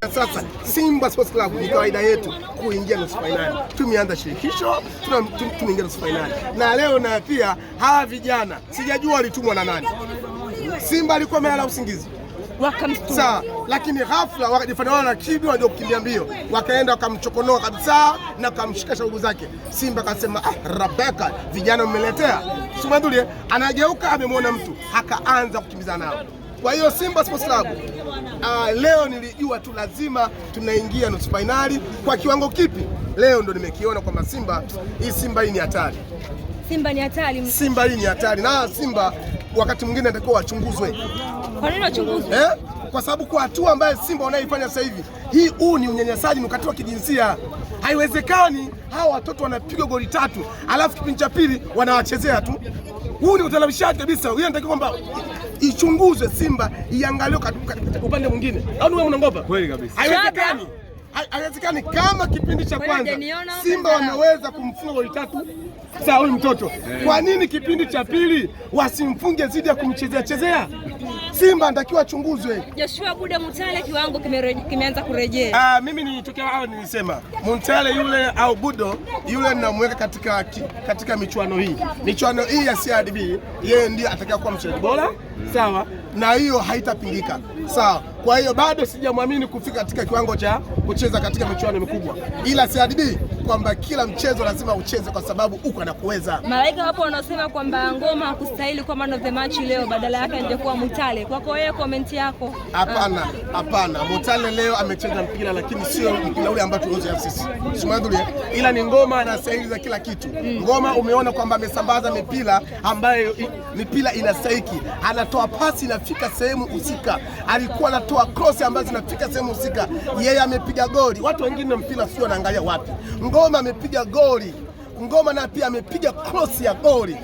Sasa Simba Sports Club ni kawaida yetu kuingia nusu fainali. Tumeanza shirikisho, tumeingia nusu fainali na leo na pia hawa vijana sijajua walitumwa na nani. Simba alikuwa amelala usingizi Saa, lakini ghafla wakajifanya wao na kibi waje kukimbia mbio, wakaenda wakamchokonoa kabisa na wakamshika shaugu zake. Simba akasema ah, rabaka vijana mmeletea sumadhulie. Anageuka amemwona mtu akaanza kukimbiza nao. Kwa hiyo Simba Sports Club uh, leo nilijua tu lazima tunaingia nusu fainali. Kwa kiwango kipi? Leo ndo nimekiona kwamba Simba hii Simba hii ni hatari, Simba ni hatari, Simba hii ni hatari, na Simba wakati mwingine atakuwa wachunguzwe. Kwa nini wachunguzwe eh? Kwa sababu kwa hatua ambayo Simba wanaifanya sasa hivi, hii huu ni unyanyasaji, ni ukatili wa kijinsia. Haiwezekani hawa watoto wanapigwa goli tatu, alafu kipindi cha pili wanawachezea tu. Huu ni utalabishaji kabisa. Hiyo inatakiwa kwamba ichunguzwe, Simba iangaliwe katika upande mwingine. Au yaani wewe unaogopa? Kweli kabisa. Haiwezekani. Haiwezekani kama kipindi cha kwanza Simba wameweza kumfunga goli tatu saa huyu mtoto, eh. kwa nini kipindi cha pili wasimfunge zidi ya kumchezea chezea? Simba anatakiwa achunguzwe. Joshua Buda Mutale kiwango kimeanza kurejea. Ah, mimi nilitokea hapo nilisema Mutale yule au Budo yule ninamweka katika katika michuano hii. Michuano hii ya CRDB yeye ndiye atakayekuwa mchezaji bora. Sawa. Na hiyo haitapingika sawa. Kwa hiyo bado sijamwamini kufika katika kiwango cha kucheza katika michuano mikubwa, ila CRDB kwamba kila mchezo lazima ucheze kwa sababu uko na kuweza. Malaika wapo wanasema kwamba Ngoma hakustahili kwa man of the match leo, badala yake angekuwa Mutale. Kwako wewe, komenti yako? Hapana, hapana, Mutale leo amecheza mpira, lakini sio mpira ule ambao tunaozoea sisi simadhuria, ila ni Ngoma anastahili za kila kitu mm. Ngoma umeona kwamba amesambaza mipira ambayo mipira inastahiki, anatoa pasi inafika sehemu husika alikuwa anatoa krosi ambazo zinafika sehemu husika, yeye amepiga goli. Watu wengine mpira sio wanaangalia wapi. Ngoma amepiga goli, Ngoma na pia amepiga krosi ya goli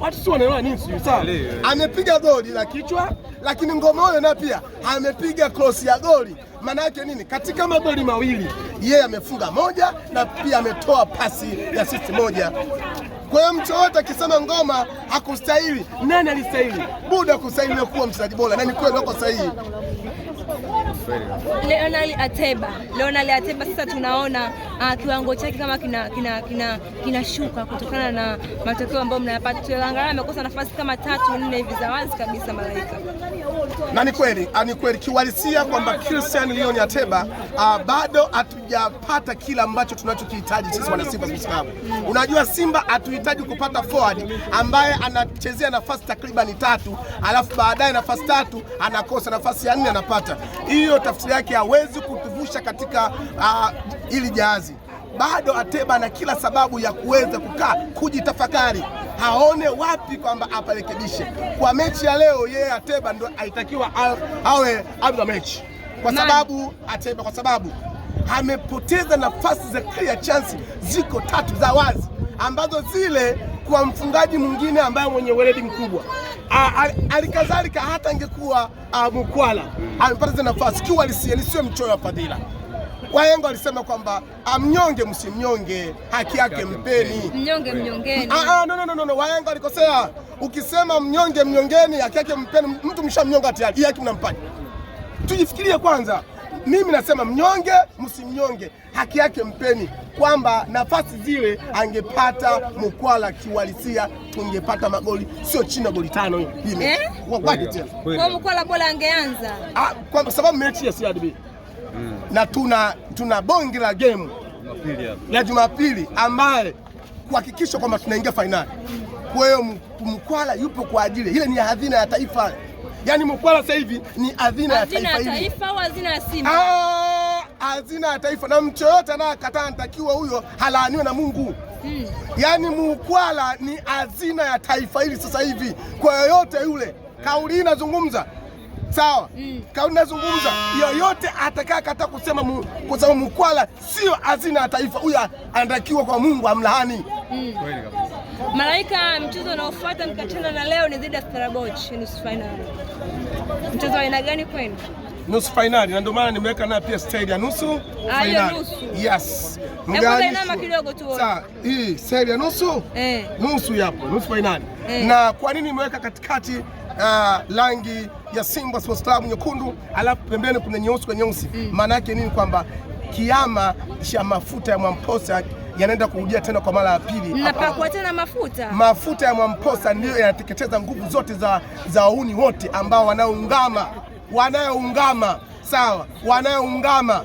watu sio wanaelewa nini sio sawa. Amepiga goli la kichwa, lakini Ngoma huyo na pia amepiga krosi ya goli. Maana yake nini? Katika magoli mawili yeye amefunga moja na pia ametoa pasi ya sisi moja. Kwa hiyo mtu yoyote akisema Ngoma hakustahili, nani alistahili? Buda kustahili kuwa mchezaji bora, na ni kweli wako sahihi. Leonel Ateba. Leonel Ateba sasa tunaona uh, kiwango chake kama kinashuka kina, kina, kina kutokana na matokeo ambayo mnayapata. Tunaangalia amekosa nafasi kama tatu nne hivi za wazi kabisa Malaika. Na ni kweli, ah, ni kweli kiwalisia kwamba Christian Leon Ateba uh, bado hatujapata kila ambacho tunachokihitaji sisi wana Simba Sports Club. Mm. Unajua Simba hatuhitaji kupata forward ambaye anachezea nafasi takriban tatu, alafu baadaye nafasi tatu anakosa nafasi ya nne anapata. Hii hiyo tafsiri yake hawezi kutuvusha katika ah, hili uh, jahazi. Bado Ateba ana kila sababu ya kuweza kukaa kujitafakari, aone wapi kwamba aparekebishe. Kwa mechi ya leo, yeye Ateba ndo alitakiwa awe abda mechi kwa sababu Ateba, kwa sababu amepoteza nafasi za clear chance, ziko tatu za wazi ambazo zile kwa mfungaji mwingine ambaye mwenye weledi mkubwa alikadhalika hata angekuwa Mukwala amepata zile nafasi kiwa lisiwe mchoyo wa fadhila. Wahenga walisema kwamba amnyonge msimnyonge, haki yake mpeni. Mnyonge mnyongeni. Ah, no, no, no, no. Wahenga walikosea. Ukisema mnyonge mnyongeni, haki yake mpeni, mtu mshamnyonga tayari, haki mnampaje? Tujifikirie kwanza. Mimi nasema mnyonge msimnyonge, haki yake mpeni, kwamba nafasi zile angepata Mkwala kiuhalisia, tungepata magoli sio chini ya goli tano hivi eh? Kwa Mkwala bora angeanza ah, kwa sababu mechi ya CRDB mm. na tuna, tuna bonge la game la Jumapili ambaye kuhakikisha kwamba tunaingia fainali. Kwa hiyo Mkwala yupo kwa ajili ile, ni hadhina ya taifa Yaani Mkwala sasa hivi ni azina ya taifa hili. Taifa au hazina ya Simba? Ah, hazina ya taifa na mtu yoyote anayekataa anatakiwa huyo halaaniwe na Mungu. Hmm. Yaani Mkwala ni azina ya taifa hili sasa hivi kwa yoyote yule. Kauli inazungumza sawa. Mm. Kauli nazungumza yoyote kataa kusema kusema Mkwala sio azina ya taifa, huyo anatakiwa kwa Mungu amlaani. Mm. Malaika, mchezo unaofuata mkachana na leo ni dhidi ya Starboch nusu fainali. Mchezo wa aina gani kwenu? Nusu fainali na ndio maana nimeweka naye pia stage ya nusu ah, fainali. Yes. kidogo tu. Sasa hii staili ya nusu eh, nusu yapo nusu fainali eh. Na kwa nini nimeweka katikati uh, rangi ya Simba Sports Club nyekundu, alafu pembeni kuna nyeusi kwa nyeusi, mm. maana mm, yake nini? Kwamba kiama cha mafuta ya Mwamposa yanaenda kurudia tena kwa mara ya pili. Mnapakwa tena mafuta, mafuta ya Mwamposa ndiyo yanateketeza nguvu zote za, za wauni wote ambao wanaoungama wanaoungama sawa, wanayoungama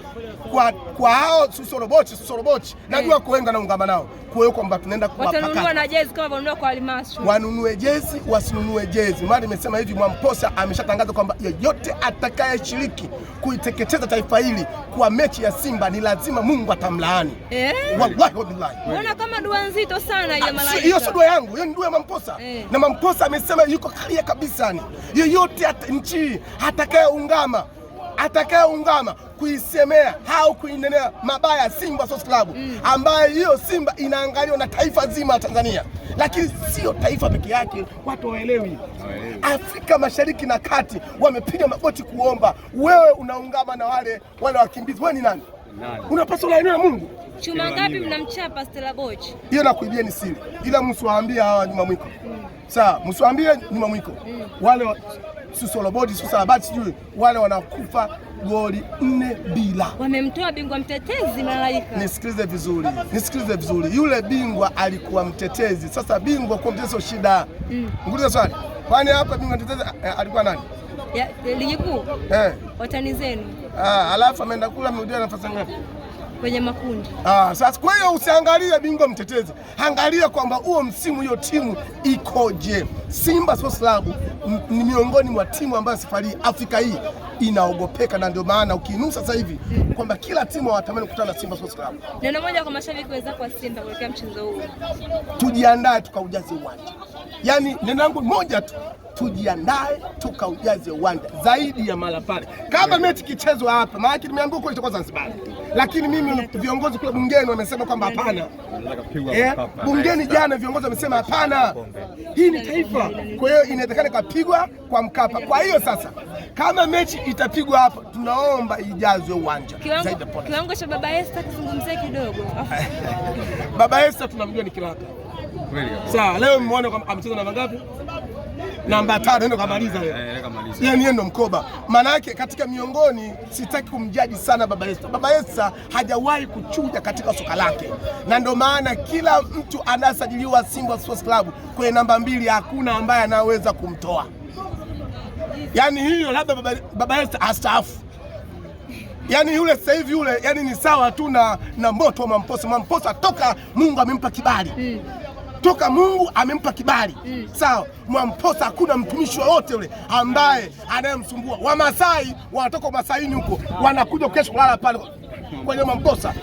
kwa, kwa hao susorobochi susorobochi hey. Eh. Najua kuenga na ungama nao kwa kwamba tunaenda kuwatanunua na jezi kama wanunua kwa halmashauri, wanunue jezi wasinunue jezi. Maana nimesema hivi, Mwamposa ameshatangaza kwamba yeyote atakayeshiriki kuiteketeza taifa hili kwa mechi ya Simba ni lazima Mungu atamlaani eh. Wallahi wabillahi, unaona kama dua nzito sana ya ah, malaika. Hiyo sio dua yangu, hiyo ni dua ya Mwamposa eh. Na Mwamposa amesema yuko kalia kabisa, ni yeyote nchi atakayeungama atakayeungama kuisemea au kuinenea mabaya Simba Sports Club mm, ambayo hiyo Simba inaangaliwa na taifa zima la Tanzania, lakini sio taifa peke yake. Watu waelewi, Afrika Mashariki na Kati wamepiga magoti kuomba. Wewe unaungama na wale wale wakimbizi, wewe ni nani? Unapaswa eneo la Mungu. Chuma ngapi mnamchapa Stella Boch? Hiyo nakuibia ni siri, ila msiwaambie hawa nyuma mwiko. Mm. Sawa, msiwaambie nyuma mwiko. Mm. Wale wa... Solomoni Susabati, sijui wale wanakufa goli nne bila. Wamemtoa bingwa mtetezi Malaika. Nisikilize vizuri, nisikilize vizuri, yule bingwa alikuwa mtetezi. Sasa bingwa kuwa mtetezi sio shida. Mm. Nguliza swali, kwani hapa bingwa mtetezi eh, alikuwa nani? Ligi kuu eh. watani zenu. Ah, alafu ameenda kula amerudia nafasi ngapi? kwenye makundi. Ah, sasa kwa hiyo usiangalie bingwa mtetezi, angalia kwamba huo msimu hiyo timu ikoje. Simba Sports Club ni miongoni mwa timu ambayo safari Afrika hii inaogopeka, na ndio maana ukinusa sasa hivi kwamba kila timu hawatamani kukutana na Simba Sports Club. Neno moja kwa mashabiki wenzako wa Simba kuelekea mchezo huu, tujiandae tukaujaze uwanja. Yaani neno langu moja tu tujiandae tukaujaze uwanja zaidi ya mara pale, kama mechi kichezwa hapa, maana nimeambiwa kule itakuwa Zanzibar, lakini mimi viongozi kule bungeni wamesema kwamba hapana. Eh, bungeni jana viongozi wamesema hapana, hii ni taifa, kwa hiyo inawezekana ikapigwa kwa Mkapa. Kwa hiyo sasa kama mechi itapigwa hapa, tunaomba ijazwe uwanja zaidi. Kiwango cha Baba Esther kizungumzie kidogo. Baba Esta tunamjua ni kiraka, sawa. Leo mmeona amecheza na mangapi? namba tano, nenda eh, kamaliza yeye, niye ndo mkoba. Maana yake katika miongoni, sitaki kumjaji sana Baba Esta. Baba Esta hajawahi kuchuja katika soka lake, na ndio maana kila mtu anasajiliwa Simba Sports Club kwenye namba mbili, hakuna ambaye anaweza kumtoa. Yaani hiyo labda Baba, Baba Esta astaafu Yaani yule sasa hivi yule, yani ni sawa tu na na Mboto Mamposa. Mamposa toka Mungu amempa kibali mm toka Mungu amempa kibali mm. Sawa, Mwamposa hakuna mtumishi wowote yule ambaye anayemsumbua. Wamasai wanatoka Masaini huko wanakuja kesho kulala pale kwenye Mwamposa.